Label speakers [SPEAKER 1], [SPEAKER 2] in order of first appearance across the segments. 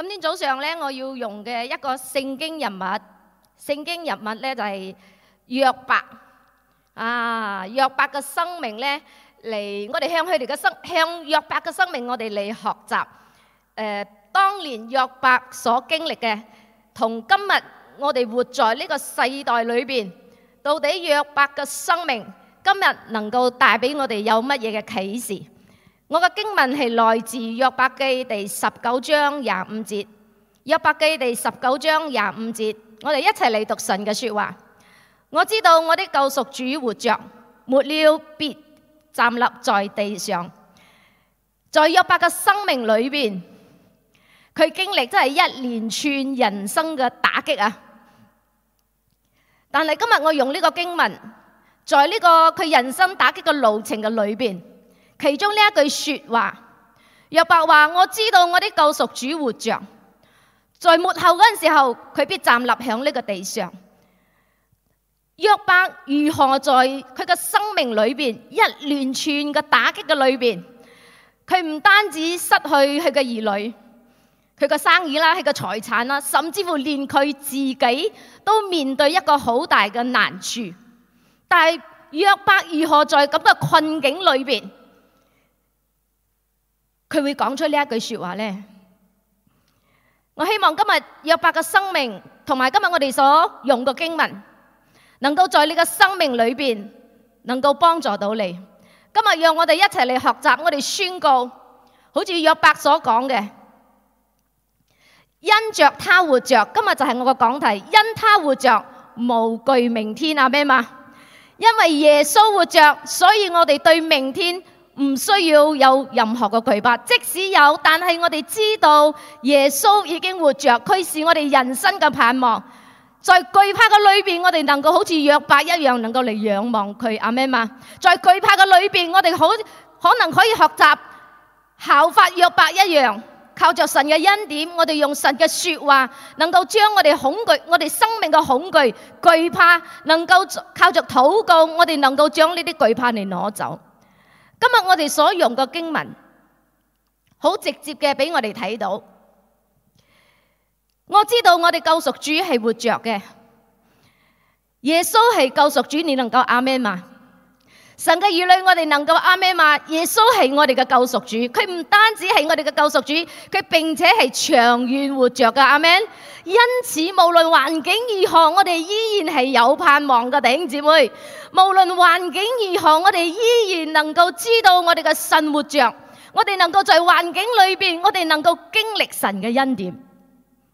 [SPEAKER 1] 今天早上咧，我要用嘅一個聖經人物，聖經人物咧就係約伯。啊，約伯嘅生命咧，嚟我哋向佢哋嘅生，向約伯嘅生命，我哋嚟學習。誒，當年約伯所經歷嘅，同今日我哋活在呢個世代裏邊，到底約伯嘅生命今日能夠帶俾我哋有乜嘢嘅啟示？我嘅經文係來自約伯記第十九章廿五節，約伯記第十九章廿五節，我哋一齊嚟讀神嘅說話。我知道我的救贖主活着，末了必站立在地上。在約伯嘅生命裏邊，佢經歷真係一連串人生嘅打擊啊！但係今日我用呢個經文，在呢個佢人生打擊嘅路程嘅裏邊。其中呢一句說話，約伯話：我知道我啲救贖主活着，在末後嗰陣時候，佢必站立喺呢個地上。約伯如何在佢嘅生命裏面，一連串嘅打擊嘅裏面，佢唔單止失去佢嘅兒女，佢嘅生意啦，佢嘅財產啦，甚至乎連佢自己都面對一個好大嘅難處。但係約伯如何在咁嘅困境裏面。佢會講出呢一句說話呢：「我希望今日約伯嘅生命同埋今日我哋所用嘅經文，能夠在你嘅生命裏邊能夠幫助到你。今日讓我哋一齊嚟學習，我哋宣告，好似約伯所講嘅，因着他活着，今日就係我嘅講題，因他活着，無懼明天，阿們嗎？因為耶穌活着，所以我哋對明天。唔需要有任何嘅懼怕，即使有，但係我哋知道耶穌已經活着，佢是我哋人生嘅盼望。在懼怕嘅裏邊，我哋能夠好似約伯一樣，能夠嚟仰望佢阿咩嘛？在懼怕嘅裏邊，我哋好可能可以學習效法約伯一樣，靠着神嘅恩典，我哋用神嘅說話，能夠將我哋恐懼、我哋生命嘅恐懼、懼怕，能夠靠着禱告，我哋能夠將呢啲懼怕嚟攞走。今日我哋所用嘅經文，好直接嘅俾我哋睇到。我知道我哋救贖主係活着嘅，耶穌係救贖主，你能夠阿們嗎？神嘅兒女，我哋能夠阿們嘛？耶穌係我哋嘅救贖主，佢唔單止係我哋嘅救贖主，佢並且係長遠活著嘅，阿們？因此，無論環境如何，我哋依然係有盼望嘅弟兄姊妹。無論環境如何，我哋依然能夠知道我哋嘅神活著，我哋能夠在環境裏邊，我哋能夠經歷神嘅恩典，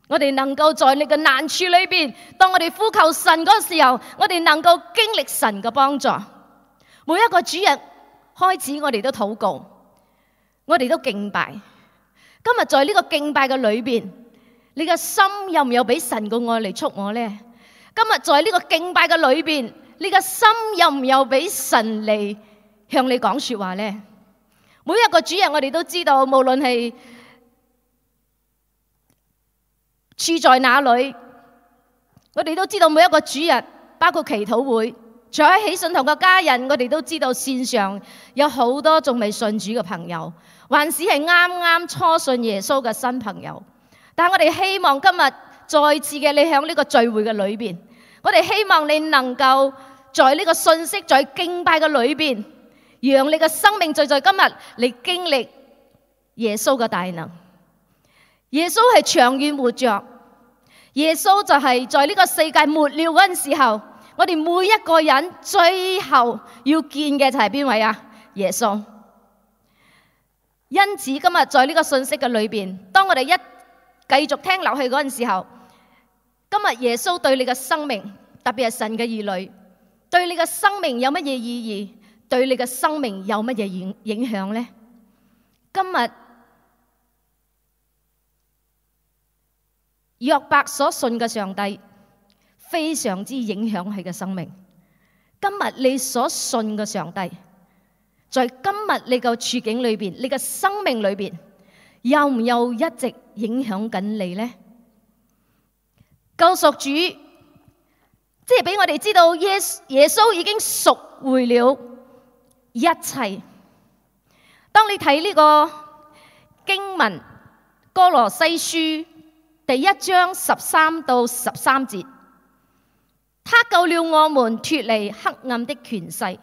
[SPEAKER 1] 我哋能夠在你嘅難處裏邊，當我哋呼求神嗰時候，我哋能夠經歷神嘅幫助。每一個主日開始，我哋都禱告，我哋都敬拜。今日在呢個敬拜嘅裏邊，你嘅心有冇俾神嘅愛嚟觸我呢？今日在呢個敬拜嘅裏邊，你嘅心有冇俾神嚟向你講說話呢？每一個主日，我哋都知道，無論係處在哪裏，我哋都知道每一個主日，包括祈禱會。除喺喜信堂嘅家人，我哋都知道線上有好多仲未信主嘅朋友，還是係啱啱初信耶穌嘅新朋友。但係我哋希望今日再次嘅你喺呢個聚會嘅裏邊，我哋希望你能夠在呢個信息在敬拜嘅裏邊，讓你嘅生命就在今日嚟經歷耶穌嘅大能。耶穌係長遠活着，耶穌就係在呢個世界末了嗰陣時候。我哋每一個人最後要見嘅就係邊位啊？耶穌。因此今日在呢個信息嘅裏邊，當我哋一繼續聽落去嗰陣時候，今日耶穌對你嘅生命，特別係神嘅兒女，對你嘅生命有乜嘢意義？對你嘅生命有乜嘢影影響呢？今日約伯所信嘅上帝，非常之影響佢嘅生命。今日你所信嘅上帝，在今日你個處境裏邊，你嘅生命裏邊，有唔有一直影響緊你呢？救贖主即係俾我哋知道，耶耶穌已經贖回了一切。當你睇呢個經文《哥羅西書》第一章十三到十三節。他救了我們脫離黑暗的權勢，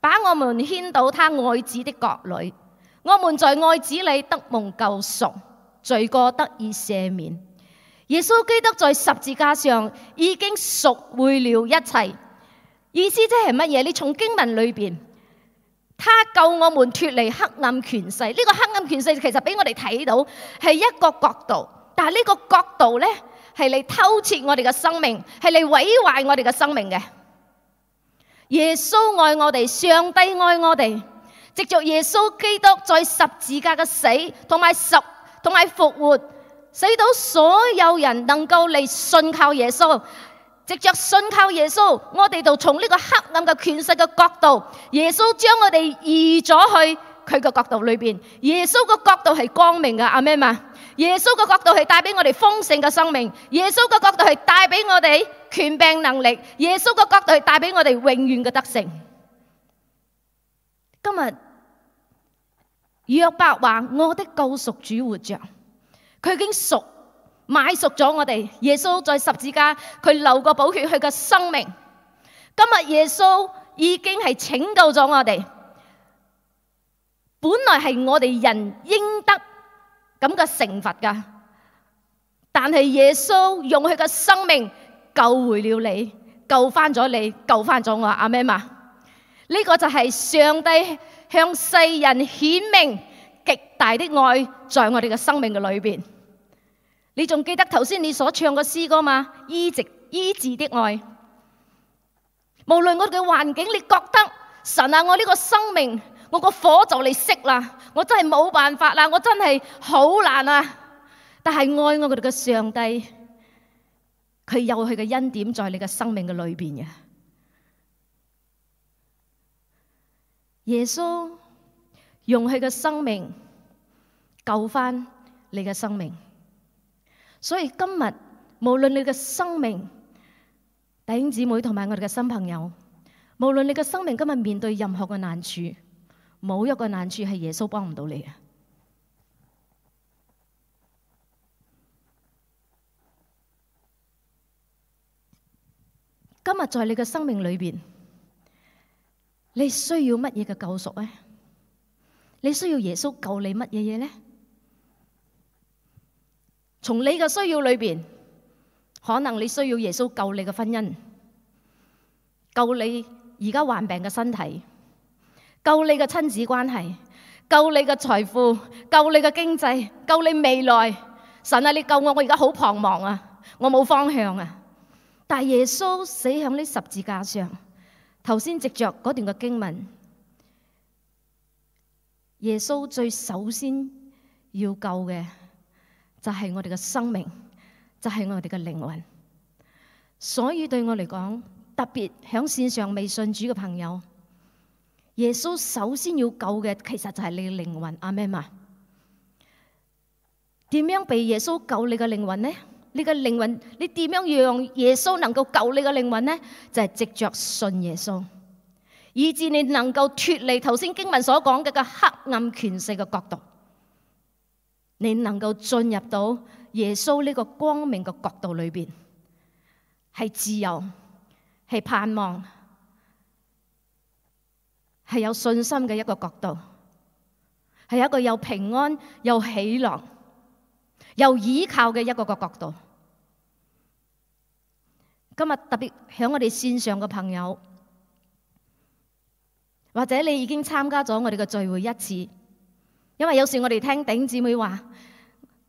[SPEAKER 1] 把我們牽到他愛子的國裏。我們在愛子裏得蒙救贖，罪過得以赦免。耶穌基督在十字架上已經贖回了一切。意思即係乜嘢？你從經文裏邊，他救我們脫離黑暗權勢。呢個黑暗權勢其實俾我哋睇到係一個角度，但係呢個角度呢。係嚟偷竊我哋嘅生命，係嚟毀壞我哋嘅生命嘅。耶穌愛我哋，上帝愛我哋。藉着耶穌基督在十字架嘅死同埋十同埋復活，使到所有人能夠嚟信靠耶穌。藉着信靠耶穌，我哋就從呢個黑暗嘅權勢嘅角度，耶穌將我哋移咗去佢嘅角度裏邊。耶穌嘅角度係光明嘅，阿們啊。耶穌嘅角度係帶俾我哋豐盛嘅生命，耶穌嘅角度係帶俾我哋權柄能力，耶穌嘅角度係帶俾我哋永遠嘅得勝。今日約伯話：我的救贖主活着，佢已經贖買贖咗我哋。耶穌在十字架佢流過寶血，佢嘅生命。今日耶穌已經係拯救咗我哋，本來係我哋人應得，咁嘅懲罰噶，但係耶穌用佢嘅生命救回了你，救翻咗你，救翻咗我。阿們，呢個就係上帝向世人顯明極大的愛，在我哋嘅生命嘅裏邊。你仲記得頭先你所唱嘅詩歌嗎？醫直醫治的愛，無論我哋嘅環境，你覺得神啊，我呢個生命。我個火就嚟熄啦，我真係冇辦法啦，我真係好難啊！但係愛我哋嘅上帝，佢有佢嘅恩典在你嘅生命嘅裏邊嘅。耶穌用佢嘅生命救返你嘅生命，所以今日無論你嘅生命弟兄姊妹同埋我哋嘅新朋友，無論你嘅生命今日面對任何嘅難處。冇一個難處係耶穌幫唔到你嘅。今日在你嘅生命裏邊，你需要乜嘢嘅救贖呢？你需要耶穌救你乜嘢嘢呢？從你嘅需要裏邊，可能你需要耶穌救你嘅婚姻，救你而家患病嘅身體。救你嘅親子關係，救你嘅財富，救你嘅經濟，救你未來。神啊，你救我，我而家好彷徨啊，我冇方向啊。但耶穌死喺呢十字架上，頭先直着嗰段嘅經文，耶穌最首先要救嘅就係我哋嘅生命，就係我哋嘅靈魂。所以對我嚟講，特別響綫上未信主嘅朋友。耶穌首先要救嘅其實就係你嘅靈魂，阿門啊？點樣被耶穌救你嘅靈魂呢？你嘅靈魂你點樣讓耶穌能夠救你嘅靈魂呢？就係直接信耶穌，以致你能夠脫離頭先經文所講嘅個黑暗權勢嘅國度，你能夠進入到耶穌呢個光明嘅國度裏邊，係自由，係盼望。係有信心嘅一個角度，係一個又平安、又喜樂、又依靠嘅一個個角度。今日特別響我哋線上嘅朋友，或者你已經參加咗我哋嘅聚會一次，因為有時我哋聽頂姊妹話，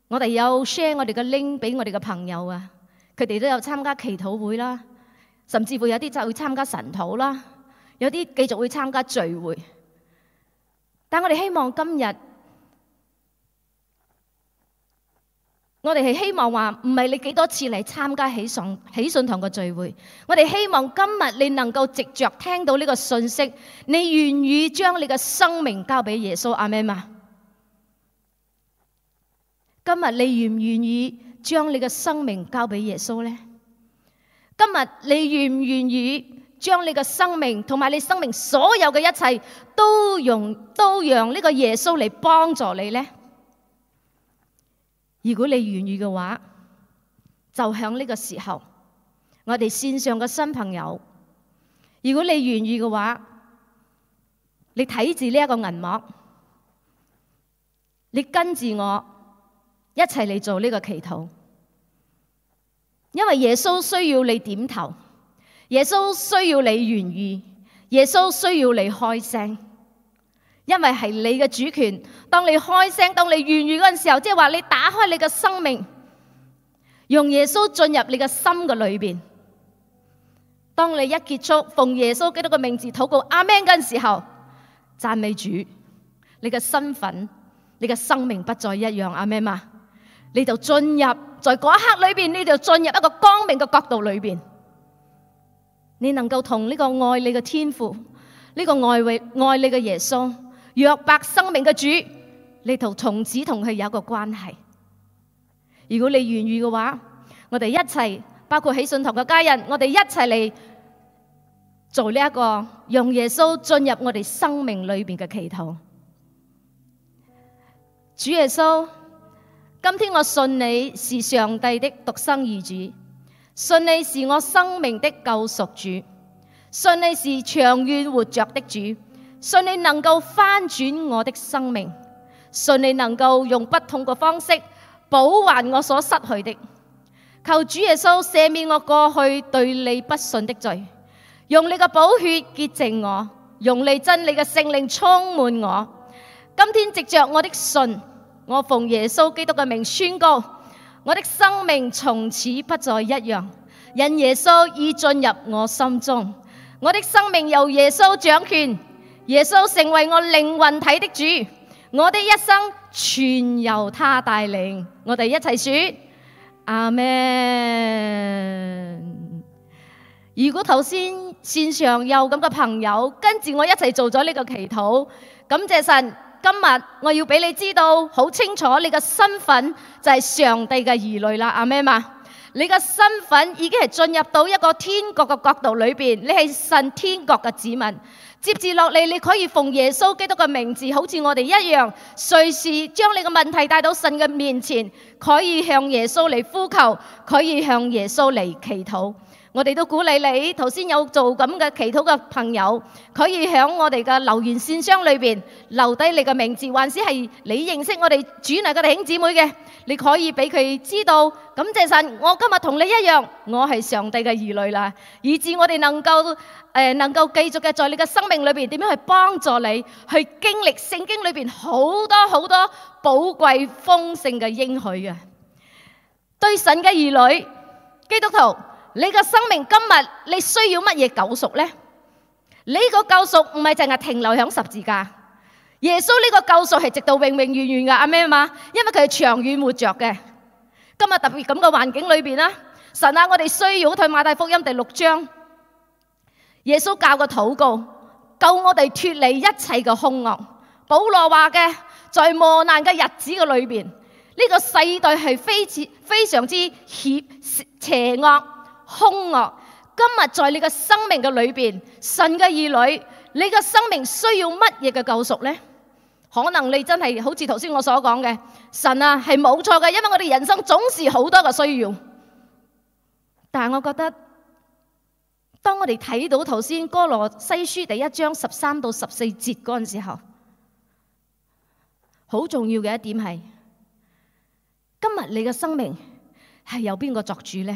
[SPEAKER 1] 我哋有 share 我哋嘅 link 俾我哋嘅朋友啊，佢哋都有參加祈禱會啦，甚至乎有些會有啲就去參加神禱啦。有啲繼續會參加聚會，但我哋希望今日，我哋係希望話唔係你幾多次嚟參加喜信喜信堂嘅聚會，我哋希望今日你能夠藉着聽到呢個信息，你願意將你嘅生命交俾耶穌。阿門，今日你願唔願意將你嘅生命交俾耶穌呢？今日你願唔願意？將你嘅生命同埋你生命所有嘅一切，都用都讓呢個耶穌嚟幫助你呢。如果你願意嘅話，就響呢個時候，我哋線上嘅新朋友，如果你願意嘅話，你睇住呢一個銀幕，你跟住我一齊嚟做呢個祈禱，因為耶穌需要你點頭。耶穌需要你願意，耶穌需要你開聲，因為係你嘅主權。當你開聲，當你願意嗰陣時候，即係話你打開你嘅生命，讓耶穌進入你嘅心嘅裏邊。當你一結束奉耶穌基督嘅名字禱告阿們嗰陣時候，讚美主，你嘅身份，你嘅生命不再一樣。阿們嘛，你就進入，在嗰一刻裏邊，你就進入一個光明嘅角度裏邊。你能夠同呢個愛你嘅天父，呢個愛為愛你嘅耶穌，約伯生命嘅主，你同從此同佢有一個關係。如果你願意嘅話，我哋一齊，包括喜信堂嘅家人，我哋一齊嚟,做呢一個讓耶穌進入我哋生命裏邊嘅祈禱。主耶穌，今天我信你是上帝的獨生兒子。信你是我生命的救贖主，信你是長遠活着的主，信你能夠翻轉我的生命，信你能夠用不同嘅方式補還我所失去的。求主耶穌赦免我過去對你不信的罪，用你嘅寶血潔淨我，用你真理嘅聖靈充滿我。今天藉着我的信，我奉耶穌基督嘅名宣告。我的生命從此不再一樣，因耶穌已進入我心中，我的生命由耶穌掌權，耶穌成為我靈魂體的主，我的一生全由他帶領。我哋一齊說阿門。如果頭先線上有咁嘅朋友跟住我一齊做咗呢個祈禱，感謝神。今日我要俾你知道，好清楚你嘅身份就係上帝嘅兒女啦，阿咩嘛，你嘅身份已經係進入到一個天國嘅國度裏邊，你係神天國嘅子民。接住落嚟，你可以奉耶穌基督嘅名字，好似我哋一樣，隨時將你嘅問題帶到神嘅面前，可以向耶穌嚟呼求，可以向耶穌嚟祈禱。我哋都鼓勵你，頭先有做咁嘅祈禱嘅朋友，可以喺我哋嘅留言信箱裏邊留低你嘅名字，或者係你認識我哋主內嘅弟兄姊妹嘅，你可以俾佢知道。感謝神。我今日同你一樣，我係上帝嘅兒女啦，以致我哋能夠誒能夠繼續嘅在你嘅生命裏邊點樣去幫助你，去經歷聖經裏邊好多好多寶貴豐盛嘅應許呀。對神嘅兒女基督徒。你個生命今日你需要乜嘢救贖呢？你個救贖唔係淨係停留響十字架，耶穌呢個救贖係直到永永遠遠嘅。阿咩嘛，因為佢係長遠活着嘅。今日特別咁嘅環境裏邊啦，神啊，我哋需要睇馬太福音第六章，耶穌教個禱告，救我哋脫離一切嘅兇惡。保羅話嘅，在磨難嘅日子嘅裏邊，呢個世代係非非常之邪邪惡。兇惡，今日在你嘅生命嘅裏邊，神嘅兒女，你嘅生命需要乜嘢嘅救贖呢？可能你真係好似頭先我所講嘅，神啊係冇錯嘅，因為我哋人生總是好多嘅需要。但係我覺得，當我哋睇到頭先歌羅西書第一章十三到十四節嗰陣時候，好重要嘅一點係，今日你嘅生命係由邊個作主呢？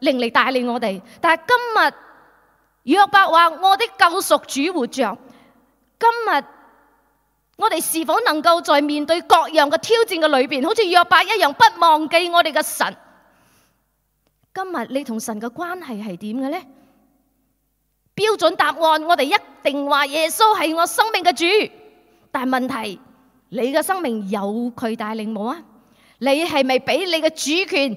[SPEAKER 1] 靈嚟帶領我哋，但係今日約伯話：我啲救贖主活着。今日我哋是否能夠在面對各樣嘅挑戰嘅裏邊，好似約伯一樣，不忘記我哋嘅神？今日你同神嘅關係係點嘅呢？標準答案我哋一定話耶穌係我生命嘅主，但係問題你嘅生命有佢帶領冇啊？你係咪俾你嘅主權？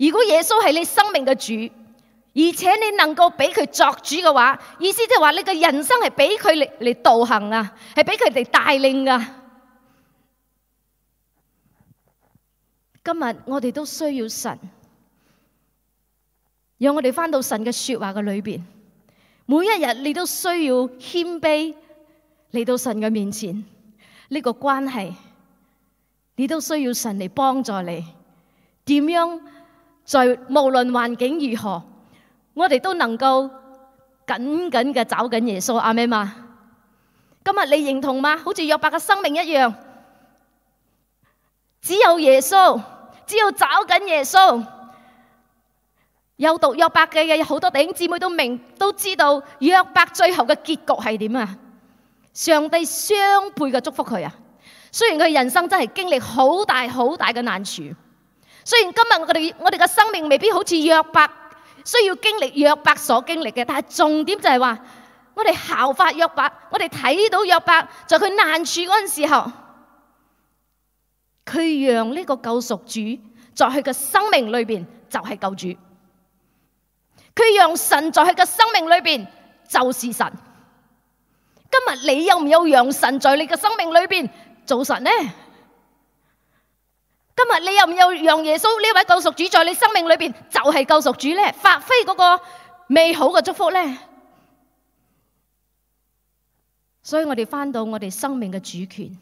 [SPEAKER 1] 如果耶穌係你生命嘅主，而且你能夠俾佢作主嘅話，意思即係話你嘅人生係俾佢嚟嚟導行啊，係俾佢哋帶領㗎。今日我哋都需要神，讓我哋翻到神嘅說話嘅裏邊。每一日你都需要謙卑嚟到神嘅面前，呢個關係你都需要神嚟幫助你，點樣？在無論環境如何，我哋都能夠緊緊嘅找緊耶穌，阿媽。今日你認同嗎？好似約伯嘅生命一樣，只有耶穌，只有找緊耶穌。有讀約伯嘅嘅好多弟兄姊妹都明都知道約伯最後嘅結局係點啊？上帝雙倍嘅祝福佢啊！雖然佢人生真係經歷好大好大嘅難處。雖然今日我哋我哋嘅生命未必好似約伯需要經歷約伯所經歷嘅，但係重點就係話我哋效法約伯，我哋睇到約伯在佢難處嗰陣時候，佢讓呢個救贖主在佢嘅生命裏邊就係救主，佢讓神在佢嘅生命裏邊就是神。今日你有唔有讓神在你嘅生命裏邊做神呢？今日你又唔要讓耶穌呢位救贖主在你生命裏邊就係救贖主咧，發揮嗰個美好嘅祝福咧。所以我哋返到我哋生命嘅主權，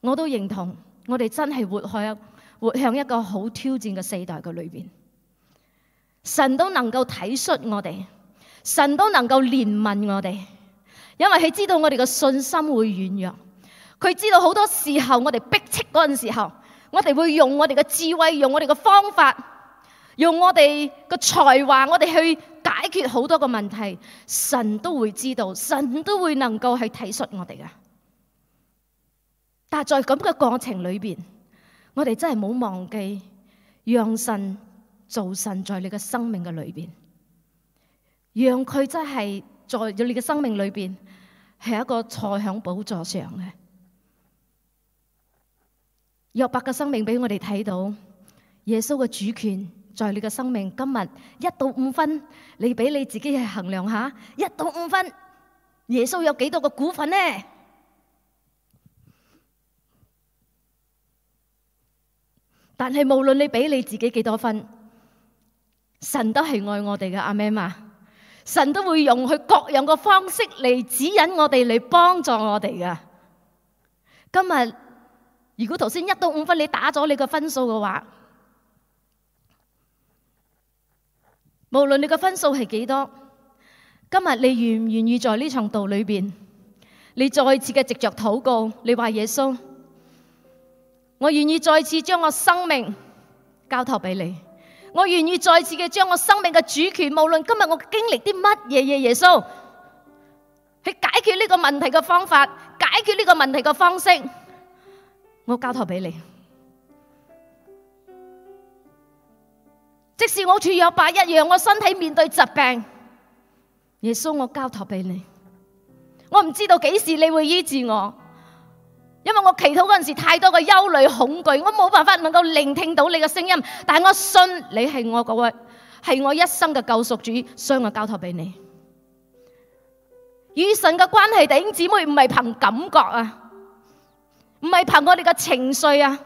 [SPEAKER 1] 我都認同，我哋真係活喺活喺一個好挑戰嘅世代嘅裏邊，神都能夠體恤我哋，神都能夠憐憫我哋，因為佢知道我哋嘅信心會軟弱。佢知道好多時候我哋逼切嗰陣時候，我哋會用我哋嘅智慧，用我哋嘅方法，用我哋嘅才華，我哋去解決好多嘅問題。神都會知道，神都會能夠去體恤我哋嘅。但係在咁嘅過程裏邊，我哋真係冇忘記讓神做神，在你嘅生命嘅裏邊，讓佢真係在你嘅生命裏邊係一個坐響寶座上嘅。約伯嘅生命俾我哋睇到耶穌嘅主權在你嘅生命。今日一到五分，你俾你自己去衡量下，一到五分，耶穌有幾多個股份呢？但係無論你俾你自己幾多分，神都係愛我哋㗎。阿們啊，神都會用佢各樣嘅方式嚟指引我哋，嚟幫助我哋嘅。今日。如果頭先一到五分你打咗你個分數嘅話，無論你個分數係幾多，今日你願唔願意在呢場道裏邊，你再次嘅藉着禱告，你話耶穌，我願意再次將我生命交託俾你，我願意再次嘅將我生命嘅主權，無論今日我經歷啲乜嘢嘢，耶穌去解決呢個問題嘅方法，解決呢個問題嘅方式。我交託俾你，即使我好似約伯一樣，讓我身體面對疾病，耶穌我交託俾你。我唔知道幾時你會醫治我，因為我祈禱嗰陣時太多嘅憂慮恐懼，我冇辦法能夠聆聽到你嘅聲音。但係我信你係我嗰位，係我一生嘅救贖主，所以我交託俾你。與神嘅關係，弟兄姊妹唔係憑感覺啊！唔係憑我哋嘅情緒啊！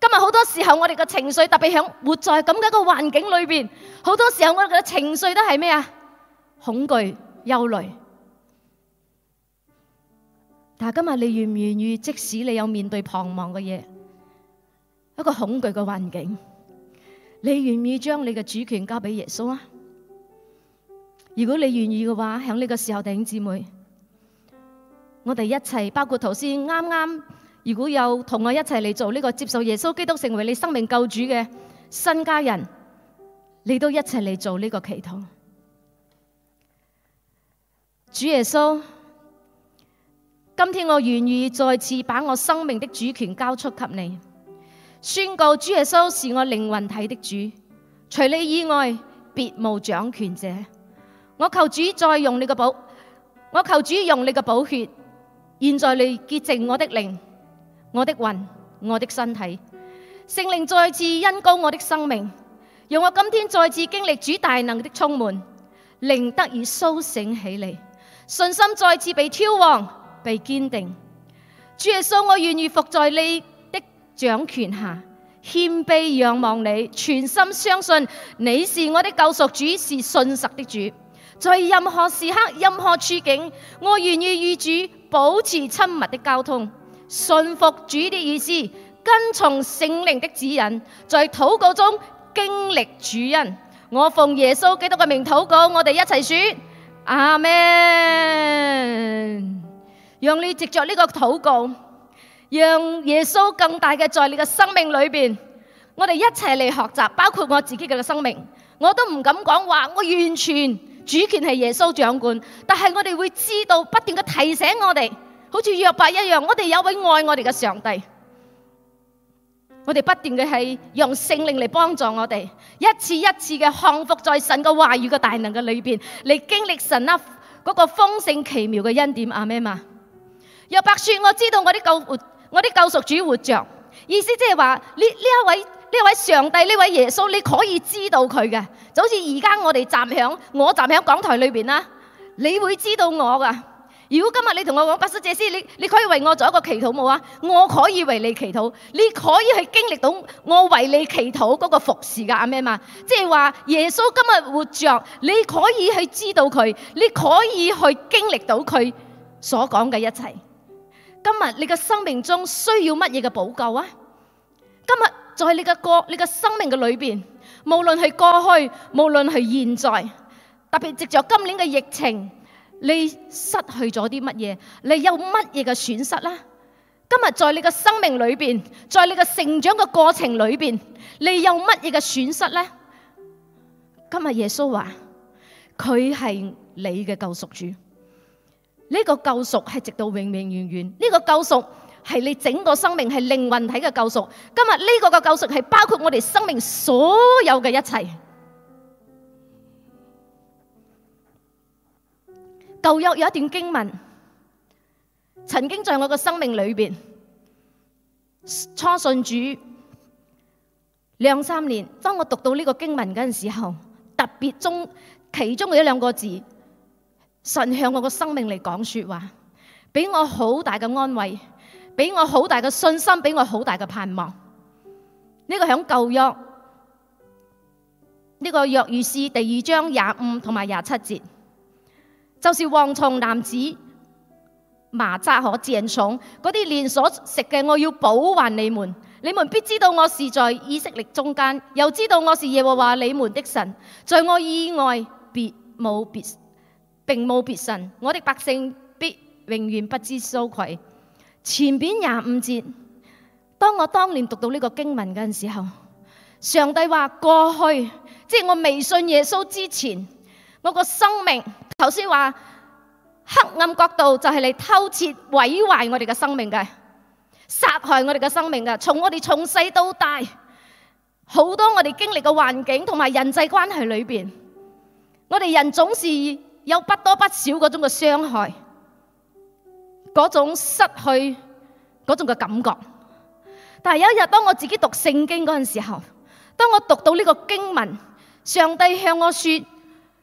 [SPEAKER 1] 今日好多時候我哋嘅情緒，特別響活在咁嘅一個環境裏邊，好多時候我哋嘅情緒都係咩啊？恐懼、憂慮。但係今日你願唔願意？即使你有面對彷徨嘅嘢，一個恐懼嘅環境，你願唔願意將你嘅主權交俾耶穌啊？如果你願意嘅話，響呢個時候，弟兄姊妹，我哋一齊，包括頭先啱啱。如果有同我一齊嚟做呢個接受耶穌基督成為你生命救主嘅新家人，你都一齊嚟做呢個祈禱。主耶穌，今天我願意再次把我生命的主權交出給你，宣告主耶穌是我靈魂體的主，除你以外別無掌權者。我求主再用你嘅寶，我求主用你嘅寶血，現在你潔淨我的靈。我的魂，我的身體，聖靈再次恩膏我的生命，讓我今天再次經歷主大能的充滿，靈得以蘇醒起嚟，信心再次被挑旺，被堅定。主耶穌，我願意伏在你的掌權下，謙卑仰望你，全心相信你是我的救贖主，是信實的主。在任何時刻、任何處境，我願意與主保持親密的交通。信服主的意思，跟從聖靈的指引，在禱告中經歷主恩。我奉耶穌基督嘅名禱告，我哋一齊說：阿門！讓你藉著呢個禱告，讓耶穌更大嘅在你嘅生命裏邊。我哋一齊嚟學習，包括我自己嘅生命，我都唔敢講話，我完全主權係耶穌掌管。但係我哋會知道，不斷嘅提醒我哋。好似約伯一樣，我哋有位愛我哋嘅上帝，我哋不斷嘅係用聖靈嚟幫助我哋，一次一次嘅康復在神嘅話語嘅大能嘅裏邊，嚟經歷神啊嗰個豐盛奇妙嘅恩典，阿們啊！約伯說，我知道我啲救活我啲救贖主活着，意思即係話呢，呢一位，呢位上帝，呢位耶穌你可以知道佢嘅，就好似而家我哋站響我站響講台裏邊啦，你會知道我噶。如果今日你同我講白叔姐師，你你可以為我做一個祈禱冇啊？我可以為你祈禱，你可以去經歷到我為你祈禱嗰個服侍噶阿咩嘛？即係話耶穌今日活着，你可以去知道佢，你可以去經歷到佢所講嘅一切。今日你嘅生命中需要乜嘢嘅補救啊？今日在你嘅過你嘅生命嘅裏邊，無論係過去，無論係現在，特別藉着今年嘅疫情。你失去咗啲乜嘢？你有乜嘢嘅損失啦？今日在你嘅生命裏邊，在你嘅成長嘅過程裏邊，你有乜嘢嘅損失咧？今日耶穌話：佢係你嘅救贖主。呢個救贖係直到永永遠遠。呢個救贖係你整個生命係靈魂體嘅救贖。今日呢個嘅救贖係包括我哋生命所有嘅一切。舊約有一段經文，曾經在我嘅生命裏邊，初信主兩三年，當我讀到呢個經文嗰陣時候，特別中其中嘅一兩個字，神向我嘅生命嚟講說話，俾我好大嘅安慰，俾我好大嘅信心，俾我好大嘅盼望。呢、這個響舊約呢、這個約珥書第二章廿五同埋廿七節。就是蝗蟲、蝻子、螞蚱、剪蟲，嗰啲年所食嘅，我要補還你們。你們必知道我是在以色列中間，又知道我是耶和華你們的神。在我以外，別冇別，並冇別神。我的百姓必永遠不知羞愧。前邊廿五節，當我當年讀到呢個經文嘅時候，上帝話過去，即係我未信耶穌之前。我個生命頭先話，黑暗角度就係嚟偷竊毀壞我哋嘅生命嘅，殺害我哋嘅生命嘅。從我哋從細到大，好多我哋經歷嘅環境同埋人際關係裏面，我哋人總是有不多不少嗰種嘅傷害，嗰種失去嗰種嘅感覺。但係有一日當我自己讀聖經嗰陣時候，當我讀到呢個經文，上帝向我說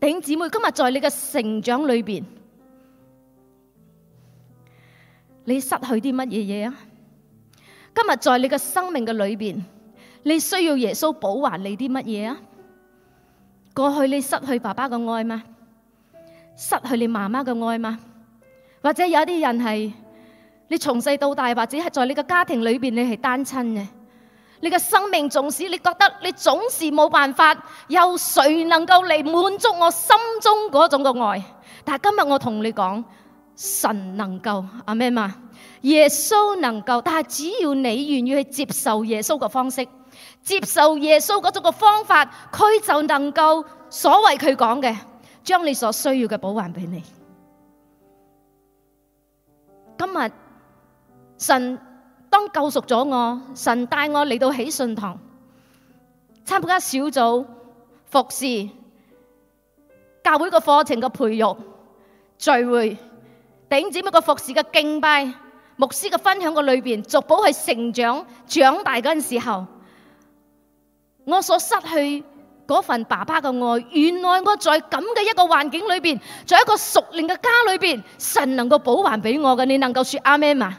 [SPEAKER 1] 弟兄姊妹，今日在你嘅成長裏邊，你失去啲乜嘢嘢啊？今日在你嘅生命嘅裏邊，你需要耶穌保還你啲乜嘢啊？過去你失去爸爸嘅愛嗎？失去你媽媽嘅愛嗎？或者有啲人係你從細到大，或者係在你嘅家庭裏邊你係單親嘅。你嘅生命仲使，你覺得你總是冇辦法，有誰能夠嚟滿足我心中嗰種嘅愛？但係今日我同你講，神能夠阿咩嘛，耶穌能夠，但係只要你願意去接受耶穌嘅方式，接受耶穌嗰種嘅方法，佢就能夠所謂佢講嘅，將你所需要嘅補還俾你。今日神。當救贖咗我，神帶我嚟到喜信堂，參加小組服侍、教會嘅課程嘅培育、聚會、頂尖一個服侍嘅敬拜、牧師嘅分享嘅裏邊，逐步去成長長大嗰陣時候，我所失去嗰份爸爸嘅愛，原來我在咁嘅一個環境裏邊，在一個熟練嘅家裏邊，神能夠補還俾我嘅，你能夠說阿們嗎？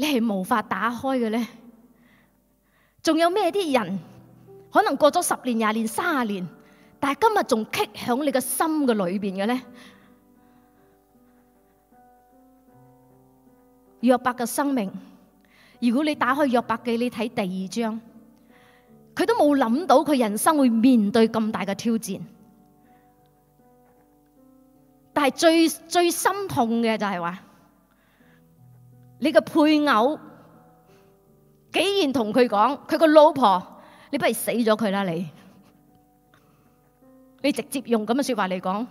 [SPEAKER 1] 你係無法打開嘅咧，仲有咩啲人可能過咗十年、廿年、三十年，但係今日仲棘響你嘅心嘅裏邊嘅咧？約伯嘅生命，如果你打開約伯記，你睇第二章，佢都冇諗到佢人生會面對咁大嘅挑戰，但係最最心痛嘅就係話。你個配偶竟然同佢講，佢個老婆，你不如死咗佢啦！你你直接用咁嘅說話嚟講，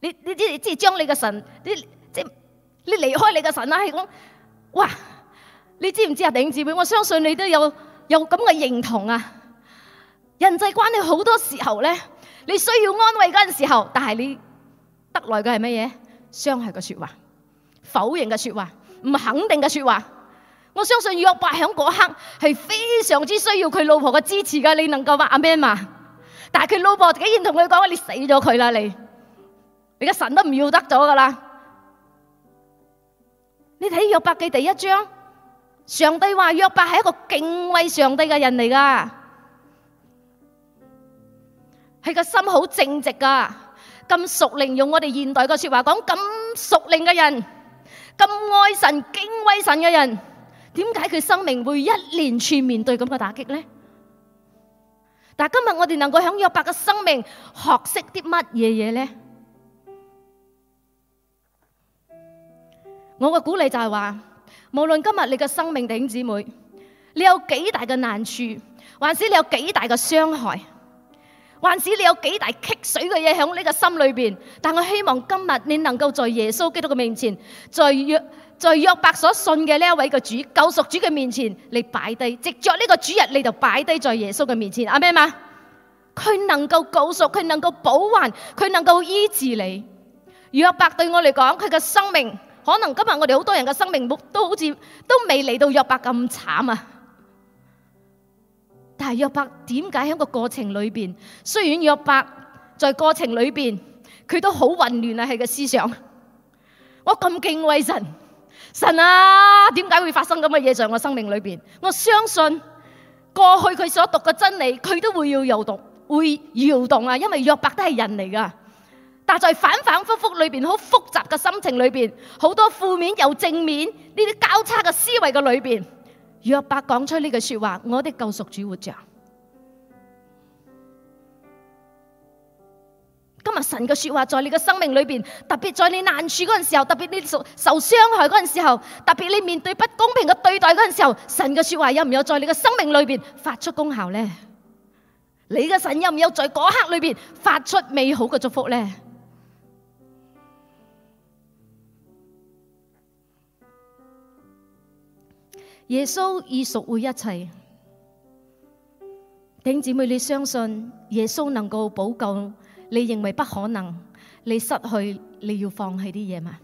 [SPEAKER 1] 你你即即係將你個神，你即係你離開你個神啦。係講哇，你知唔知啊？弟兄姊妹，我相信你都有有咁嘅認同啊！人際關係好多時候咧，你需要安慰嗰陣時候，但係你得來嘅係乜嘢？傷害嘅說話，否認嘅說話。唔肯定嘅說話，我相信約伯喺嗰刻係非常之需要佢老婆嘅支持噶。你能夠話阿咩嘛？但係佢老婆竟然同佢講，你死咗佢啦！你你嘅神都唔要得咗噶啦！你睇約伯嘅第一章，上帝話約伯係一個敬畏上帝嘅人嚟噶，佢個心好正直噶，咁熟靈，用我哋現代嘅說話講，咁熟靈嘅人。咁愛神、敬畏神嘅人，點解佢生命會一連串面對咁嘅打擊呢？但係今日我哋能夠響約伯嘅生命學識啲乜嘢嘢呢？我嘅鼓勵就係話，無論今日你嘅生命弟兄姊妹，你有幾大嘅難處，還是你有幾大嘅傷害。還是你有幾大棘水嘅嘢，響呢個心裏邊？但我希望今日你能夠在耶穌基督嘅面前，在約在約伯所信嘅呢一位嘅主救贖主嘅面前嚟擺低，藉着呢個主日，你就擺低在耶穌嘅面前。阿咩嘛，佢能夠救贖，佢能夠保還，佢能夠醫治你。約伯對我嚟講，佢嘅生命可能今日我哋好多人嘅生命都好似都未嚟到約伯咁慘啊！但係約伯點解喺個過程裏邊？雖然約伯在過程裏邊，佢都好混亂啊！佢嘅思想，我咁敬畏神，神啊，點解會發生咁嘅嘢在我生命裏邊？我相信過去佢所讀嘅真理，佢都會要搖動，會搖動啊！因為約伯都係人嚟噶，但係在反反复覆裏邊好複雜嘅心情裏邊，好多負面又正面呢啲交叉嘅思維嘅裏邊。約伯講出呢句說話，我的救贖主活着。今日神嘅說話在你嘅生命裏邊，特別在你難處嗰陣時候，特別你受受傷害嗰陣時候，特別你面對不公平嘅對待嗰陣時候，神嘅說話有唔有在你嘅生命裏邊發出功效呢？你嘅神有唔有在嗰刻裏邊發出美好嘅祝福呢？耶穌已贖回一切，請姊妹你相信耶穌能夠補救你。認為不可能，你失去你要放棄啲嘢嗎？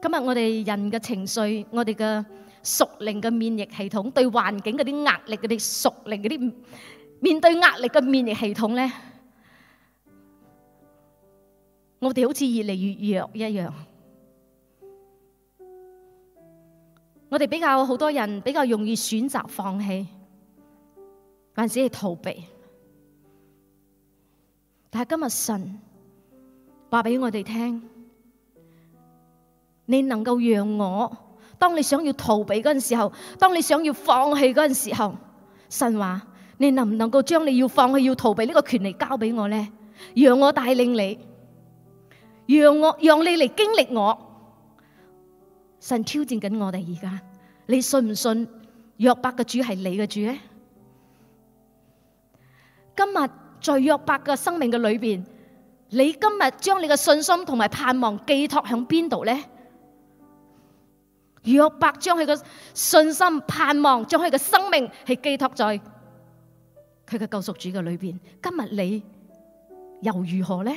[SPEAKER 1] 今日我哋人嘅情緒，我哋嘅屬靈嘅免疫系統，對環境嗰啲壓力，嗰啲屬靈嗰啲面對壓力嘅免疫系統咧，我哋好似越嚟越弱一樣。我哋比較好多人比較容易選擇放棄，或者係逃避。但係今日神話俾我哋聽，你能夠讓我，當你想要逃避嗰陣時候，當你想要放棄嗰陣時候，神話你能唔能夠將你要放棄要逃避呢個權利交俾我呢？讓我帶領你，讓我讓你嚟經歷我。神挑戰緊我哋而家，你信唔信約伯嘅主係你嘅主咧？今日在約伯嘅生命嘅裏邊，你今日將你嘅信心同埋盼望寄託響邊度咧？約伯將佢嘅信心、盼望，將佢嘅生命係寄託在佢嘅救贖主嘅裏邊。今日你又如何咧？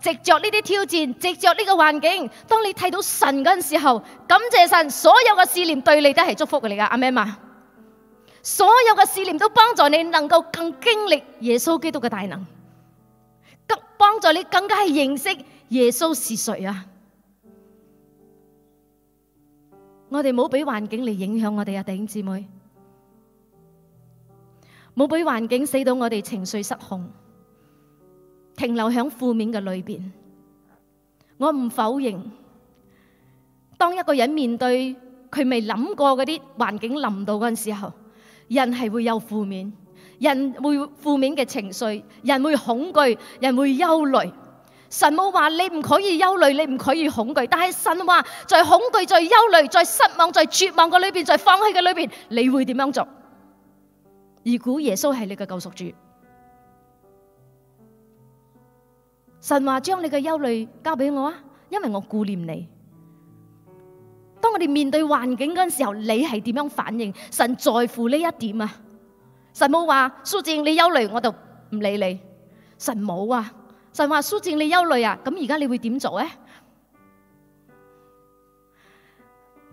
[SPEAKER 1] 藉著呢啲挑戰，藉著呢個環境，當你睇到神嗰陣時候，感謝神，所有嘅試煉對你都係祝福嚟噶，阿媽。所有嘅試煉都幫助你能夠更經歷耶穌基督嘅大能，更幫助你更加係認識耶穌是誰啊！我哋冇俾環境嚟影響我哋啊，弟兄姊妹，冇俾環境使到我哋情緒失控。停留喺負面嘅裏邊，我唔否認。當一個人面對佢未諗過嗰啲環境臨到嗰陣時候，人係會有負面，人會負面嘅情緒，人會恐懼，人會憂慮。神冇話你唔可以憂慮，你唔可以恐懼，但係神話在恐懼、在憂慮、在失望、在絕望嘅裏邊，在放棄嘅裏邊，你會點樣做？如果耶穌係你嘅救贖主？神話將你嘅憂慮交俾我啊，因為我顧念你。當我哋面對環境嗰陣時候，你係點樣反應？神在乎呢一點啊！神冇話蘇靜你憂慮我就唔理你，神冇啊！神話蘇靜你憂慮啊，咁而家你會點做咧？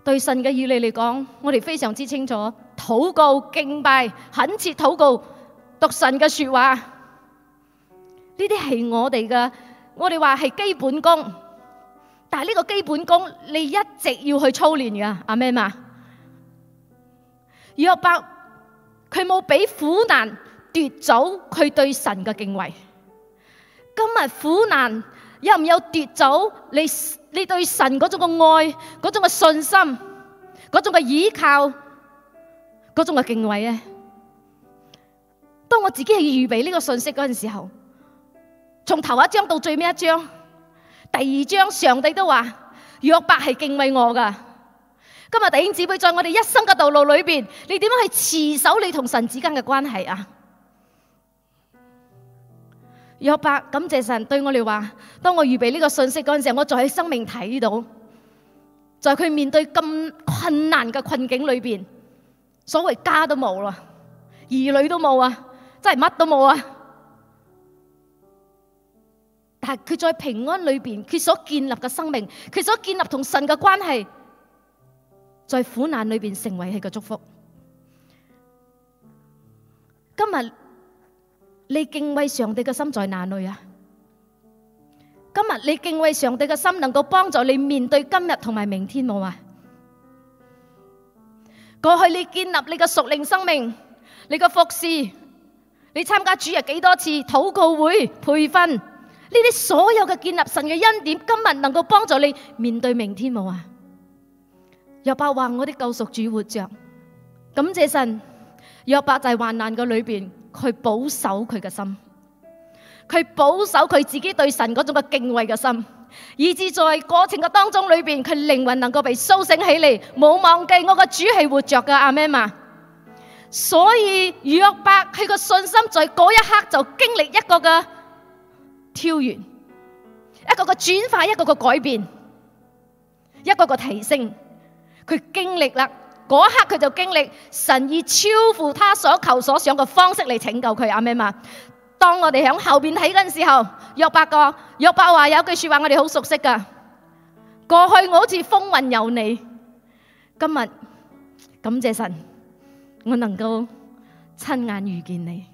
[SPEAKER 1] 對神嘅兒女嚟講，我哋非常之清楚，禱告敬拜，懇切禱告，讀神嘅說話。呢啲係我哋嘅，我哋話係基本功，但係呢個基本功，你一直要去操練嘅。阿們啊，約伯佢冇俾苦難奪走佢對神嘅敬畏。今日苦難有唔有奪走你你對神嗰種嘅愛、嗰種嘅信心、嗰種嘅倚靠、嗰種嘅敬畏咧？當我自己係預備呢個信息嗰陣時候。從頭一章到最尾一章，第二章上帝都話約伯係敬畏我噶。今日弟兄姊妹，在我哋一生嘅道路裏邊，你點樣去持守你同神之間嘅關係啊？約伯感謝神對我哋話：當我預備呢個信息嗰陣時，我再在生命睇到，在佢面對咁困難嘅困境裏邊，所謂家都冇啦，兒女都冇啊，真係乜都冇啊！但係佢在平安裏邊，佢所建立嘅生命，佢所建立同神嘅關係，在苦難裏邊成為佢嘅祝福。今日你敬畏上帝嘅心在哪裏啊？今日你敬畏上帝嘅心能夠幫助你面對今日同埋明天冇啊？過去你建立你嘅屬靈生命，你嘅服侍，你參加主日幾多次禱告會培訓？呢啲所有嘅建立神嘅恩典，今日能夠幫助你面對明天冇啊？約伯話：我嘅救贖主活着。感謝神，約伯就係患難嘅裏邊，佢保守佢嘅心，佢保守佢自己對神嗰種嘅敬畏嘅心，以致在過程嘅當中裏邊，佢靈魂能夠被甦醒起嚟，冇忘記我嘅主係活着嘅。阿們，所以約伯佢個信心在嗰一刻就經歷一個嘅。跳完，一個個轉化，一個個改變，一個個提升，佢經歷啦。嗰刻佢就經歷神以超乎他所求所想嘅方式嚟拯救佢，阿媽嘛。當我哋響後邊睇嗰陣時候，約伯講，約伯話有句說話我哋好熟悉噶。過去我好似風聞有你，今日感謝神，我能夠親眼遇見你。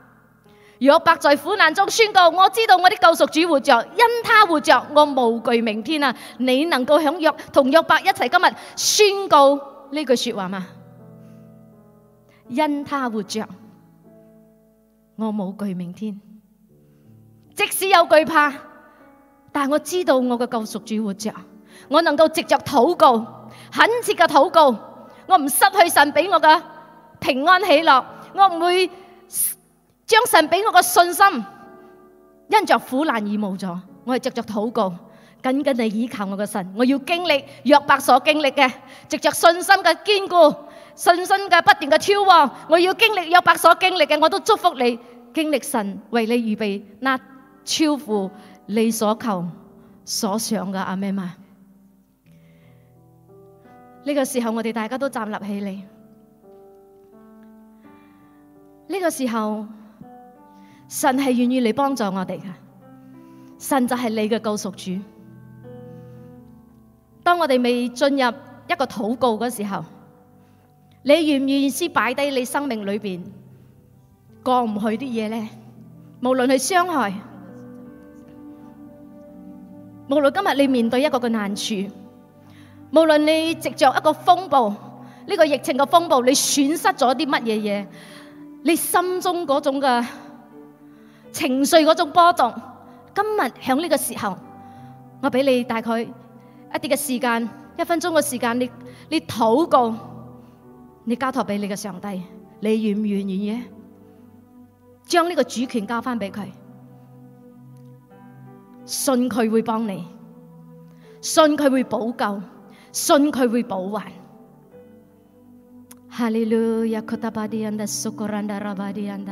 [SPEAKER 1] 約伯在苦難中宣告：我知道我嘅救贖主活着，因他活着，我無懼明天啊！你能夠響約同約伯一齊今日宣告呢句說話嗎？因他活着，我無懼明天。即使有懼怕，但我知道我嘅救贖主活着，我能夠藉着禱告、懇切嘅禱告，我唔失去神俾我嘅平安喜樂，我唔會。將神俾我嘅信心因着苦難而無助，我係着着禱告，緊緊地倚靠我嘅神。我要經歷約伯所經歷嘅，藉着信心嘅堅固、信心嘅不斷嘅超越。我要經歷約伯所經歷嘅，我都祝福你經歷神為你預備那超乎你所求所想嘅阿們。呢個時候我哋大家都站立起嚟。呢個時候。神係願意嚟幫助我哋嘅，神就係你嘅救贖主。當我哋未進入一個禱告嗰時候，你願唔願意先擺低你生命裡面過唔去啲嘢呢？無論係傷害，無論今日你面對一個嘅難處，無論你藉著一個風暴，呢個疫情嘅風暴，你損失咗啲乜嘢嘢？你心中嗰種嘅。情緒嗰種波動，今日喺呢個時候，我俾你大概一啲嘅時間，一分鐘嘅時間，你你禱告，你交託俾你嘅上帝，你願唔願意嘅將呢個主權交翻俾佢，信佢會幫你，信佢會補救，信佢會補還。哈利路亞，國泰保底，上帝所過難得，阿爸底上帝。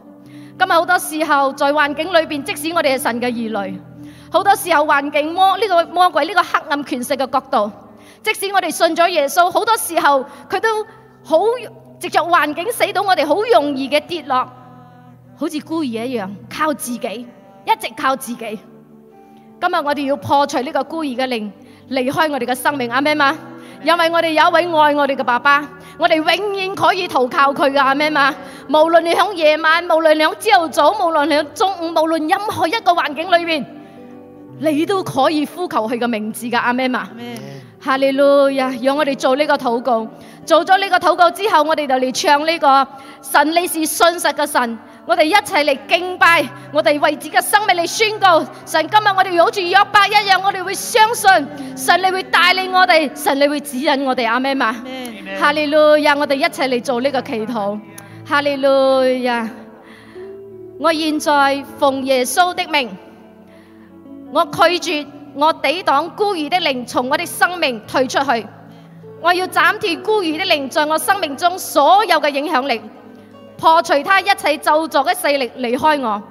[SPEAKER 1] 今日好多時候，在環境裏邊，即使我哋係神嘅兒女，好多時候環境魔呢個魔鬼呢個黑暗權勢嘅角度，即使我哋信咗耶穌，好多時候佢都好藉著環境死到我哋好容易嘅跌落，好似孤兒一樣，靠自己，一直靠自己。今日我哋要破除呢個孤兒嘅靈，離開我哋嘅生命，啱唔啱啊？因為我哋有一位愛我哋嘅爸爸，我哋永遠可以投靠佢㗎，阿們嘛。無論你響夜晚，無論你響朝早，無論你響中午，無論任何一個環境裏面，你都可以呼求佢嘅名字㗎，阿們。哈利路亞！讓我哋做呢個禱告。做咗呢個禱告之後，我哋就嚟唱呢個，神你是信實嘅神。我哋一齊嚟敬拜，我哋為自己嘅生命嚟宣告。神今日我哋好似約伯一樣，我哋會相信，神你會帶領我哋，神你會指引我哋。阿門嘛！哈利路亞！我哋一齊嚟做呢個祈禱。哈利路亞！我現在奉耶穌的名，我拒絕我抵擋孤兒的靈，從我哋生命退出去。我要斬斷孤兒的靈在我生命中所有嘅影響力。破除他一切就作嘅勢力，離開我。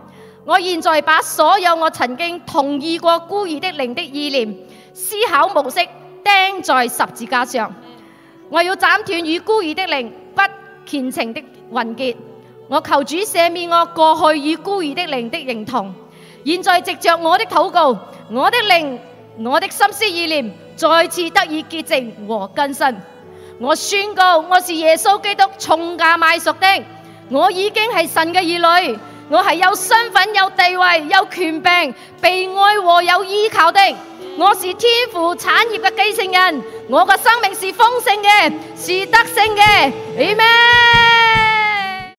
[SPEAKER 1] 我現在把所有我曾經同意過孤兒的靈的意念、思考模式釘在十字架上。我要斬斷與孤兒的靈不虔誠的混結。我求主赦免我過去與孤兒的靈的認同。現在藉着我的禱告，我的靈、我的心思意念再次得以潔淨和更新。我宣告，我是耶穌基督重價買贖的。我已經係神嘅兒女，我係有身份、有地位、有權柄、被愛和有依靠的。我是天父產業嘅繼承人，我嘅生命是豐盛嘅，是得勝嘅，阿們。